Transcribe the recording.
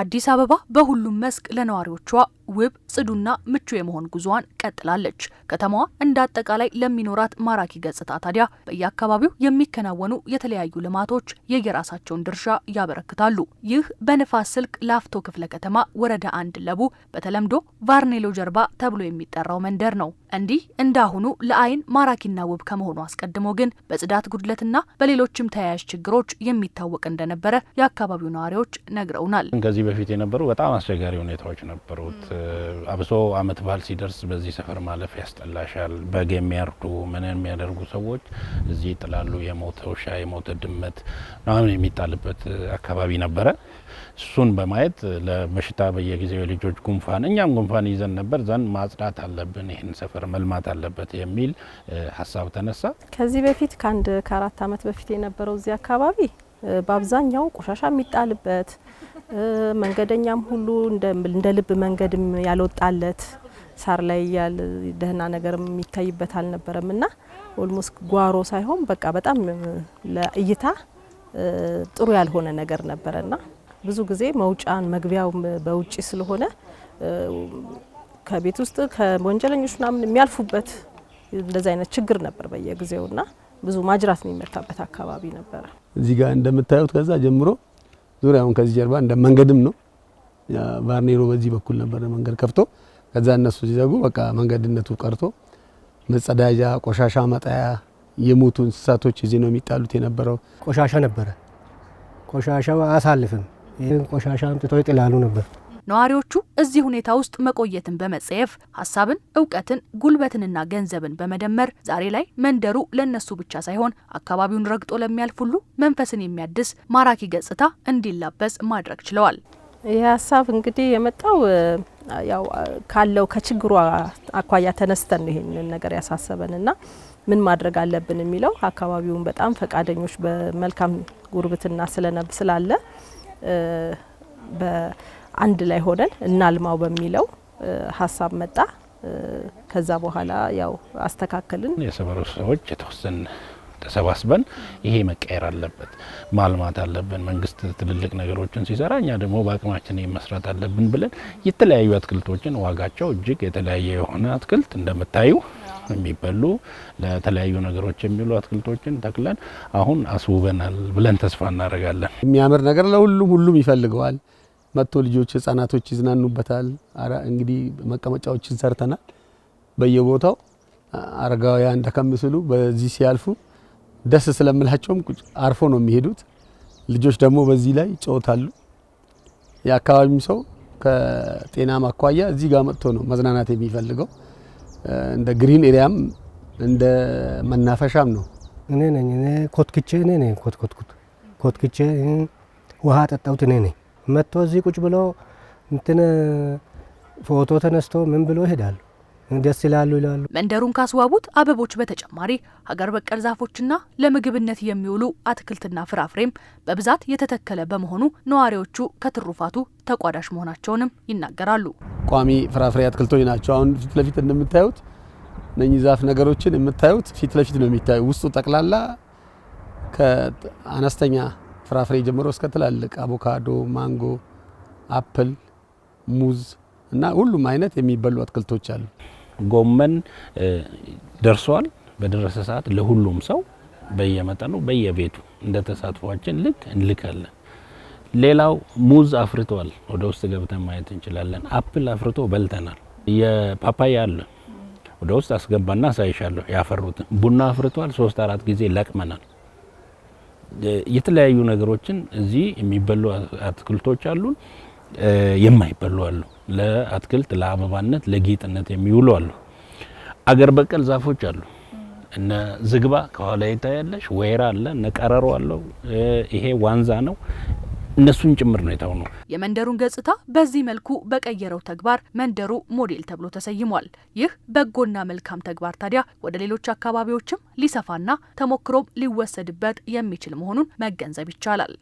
አዲስ አበባ በሁሉም መስክ ለነዋሪዎቿ ውብ ጽዱና ምቹ የመሆን ጉዞዋን ቀጥላለች። ከተማዋ እንደ አጠቃላይ ለሚኖራት ማራኪ ገጽታ ታዲያ በየአካባቢው የሚከናወኑ የተለያዩ ልማቶች የየራሳቸውን ድርሻ ያበረክታሉ። ይህ በንፋስ ስልክ ላፍቶ ክፍለ ከተማ ወረዳ አንድ ለቡ በተለምዶ ቫርኔሎ ጀርባ ተብሎ የሚጠራው መንደር ነው። እንዲህ እንዳሁኑ ለአይን ማራኪና ውብ ከመሆኑ አስቀድሞ ግን በጽዳት ጉድለትና በሌሎችም ተያያዥ ችግሮች የሚታወቅ እንደነበረ የአካባቢው ነዋሪዎች ነግረውናል። ከዚህ በፊት የነበሩ በጣም አስቸጋሪ ሁኔታዎች ነበሩት። አብሶ አመት በዓል ሲደርስ በዚህ ሰፈር ማለፍ ያስጠላሻል። በግ የሚያርዱ ምን የሚያደርጉ ሰዎች እዚህ ይጥላሉ። የሞተ ውሻ፣ የሞተ ድመት ምናምን የሚጣልበት አካባቢ ነበረ። እሱን በማየት ለበሽታ በየጊዜው የልጆች ጉንፋን፣ እኛም ጉንፋን ይዘን ነበር። ዘንድ ማጽዳት አለብን፣ ይህን ሰፈር መልማት አለበት የሚል ሀሳብ ተነሳ። ከዚህ በፊት ከአንድ ከአራት አመት በፊት የነበረው እዚህ አካባቢ በአብዛኛው ቆሻሻ የሚጣልበት መንገደኛም ሁሉ እንደ ልብ መንገድም ያልወጣለት ሳር ላይ ያል ደህና ነገር የሚታይበት አልነበረም እና ኦልሞስት ጓሮ ሳይሆን በቃ በጣም ለእይታ ጥሩ ያልሆነ ነገር ነበረና ብዙ ጊዜ መውጫን መግቢያው በውጪ ስለሆነ ከቤት ውስጥ ከወንጀለኞች ምናምን የሚያልፉበት እንደዚህ አይነት ችግር ነበር በየጊዜው እና ብዙ ማጅራት የሚመታበት አካባቢ ነበረ። እዚህ ጋር እንደምታዩት ከዛ ጀምሮ ዙሪያውን ከዚህ ጀርባ እንደ መንገድም ነው። ቫርኔሮ በዚህ በኩል ነበረ መንገድ ከፍቶ ከዛ እነሱ ሲዘጉ በቃ መንገድነቱ ቀርቶ መጸዳጃ፣ ቆሻሻ መጣያ፣ የሞቱ እንስሳቶች እዚህ ነው የሚጣሉት የነበረው። ቆሻሻ ነበረ። ቆሻሻ አሳልፍም ቆሻሻ አምጥቶ ይጥላሉ ነበር። ነዋሪዎቹ እዚህ ሁኔታ ውስጥ መቆየትን በመጸየፍ ሀሳብን፣ እውቀትን፣ ጉልበትንና ገንዘብን በመደመር ዛሬ ላይ መንደሩ ለእነሱ ብቻ ሳይሆን አካባቢውን ረግጦ ለሚያልፍ ሁሉ መንፈስን የሚያድስ ማራኪ ገጽታ እንዲላበስ ማድረግ ችለዋል። ይህ ሀሳብ እንግዲህ የመጣው ያው ካለው ከችግሩ አኳያ ተነስተን ነው ነገር ያሳሰበን ያሳሰበንና ምን ማድረግ አለብን የሚለው አካባቢውን በጣም ፈቃደኞች በመልካም ጉርብትና ስለነብ ስላለ አንድ ላይ ሆነን እናልማው በሚለው ሀሳብ መጣ። ከዛ በኋላ ያው አስተካከልን። የሰበሩ ሰዎች የተወሰን ተሰባስበን ይሄ መቀየር አለበት፣ ማልማት አለብን። መንግስት ትልልቅ ነገሮችን ሲሰራ እኛ ደግሞ በአቅማችን መስራት አለብን ብለን የተለያዩ አትክልቶችን ዋጋቸው እጅግ የተለያየ የሆነ አትክልት እንደምታዩ የሚበሉ ለተለያዩ ነገሮች የሚውሉ አትክልቶችን ተክለን አሁን አስውበናል ብለን ተስፋ እናደርጋለን። የሚያምር ነገር ለሁሉም ሁሉም ይፈልገዋል። መጥቶ ልጆች ህጻናቶች ይዝናኑበታል። እንግዲህ መቀመጫዎችን ሰርተናል በየቦታው አረጋውያን ተከምስሉ በዚህ ሲያልፉ ደስ ስለምላቸውም አርፎ ነው የሚሄዱት። ልጆች ደግሞ በዚህ ላይ ይጫወታሉ። የአካባቢም ሰው ከጤና ማኳያ እዚህ ጋር መጥቶ ነው መዝናናት የሚፈልገው። እንደ ግሪን ኤሪያም እንደ መናፈሻም ነው። እኔ ነኝ ኮትክቼ እኔ ነኝ ኮትኮትኩት ኮትክቼ ውሃ ጠጣሁት እኔ ነኝ መጥቶ እዚህ ቁጭ ብሎ እንትን ፎቶ ተነስቶ ምን ብሎ ይሄዳሉ። ደስ ይላሉ ይላሉ። መንደሩን ካስዋቡት አበቦች በተጨማሪ ሀገር በቀል ዛፎችና ለምግብነት የሚውሉ አትክልትና ፍራፍሬም በብዛት የተተከለ በመሆኑ ነዋሪዎቹ ከትሩፋቱ ተቋዳሽ መሆናቸውንም ይናገራሉ። ቋሚ ፍራፍሬ አትክልቶች ናቸው። አሁን ፊት ለፊት እንደምታዩት እነኚህ ዛፍ ነገሮችን የምታዩት ፊት ለፊት ነው የሚታዩ ውስጡ ጠቅላላ ከአነስተኛ ፍራፍሬ ጀምሮ እስከ ትላልቅ አቮካዶ፣ ማንጎ፣ አፕል፣ ሙዝ እና ሁሉም አይነት የሚበሉ አትክልቶች አሉ። ጎመን ደርሷል። በደረሰ ሰዓት ለሁሉም ሰው በየመጠኑ በየቤቱ እንደ ተሳትፏችን ልክ እንልካለን። ሌላው ሙዝ አፍርቷል፣ ወደ ውስጥ ገብተን ማየት እንችላለን። አፕል አፍርቶ በልተናል። የፓፓያ አለ፣ ወደ ውስጥ አስገባና አሳይሻለሁ ያፈሩትን። ቡና አፍርቷል፣ ሶስት አራት ጊዜ ለቅመናል። የተለያዩ ነገሮችን እዚህ የሚበሉ አትክልቶች አሉን፣ የማይበሉ አሉ። ለአትክልት ለአበባነት፣ ለጌጥነት የሚውሉ አሉ። አገር በቀል ዛፎች አሉ። እነ ዝግባ ከኋላ ይታያለሽ፣ ወይራ አለ፣ እነ ቀረሮ አለው። ይሄ ዋንዛ ነው። እነሱን ጭምር ነው የተሆነው። የመንደሩን ገጽታ በዚህ መልኩ በቀየረው ተግባር መንደሩ ሞዴል ተብሎ ተሰይሟል። ይህ በጎና መልካም ተግባር ታዲያ ወደ ሌሎች አካባቢዎችም ሊሰፋና ተሞክሮም ሊወሰድበት የሚችል መሆኑን መገንዘብ ይቻላል።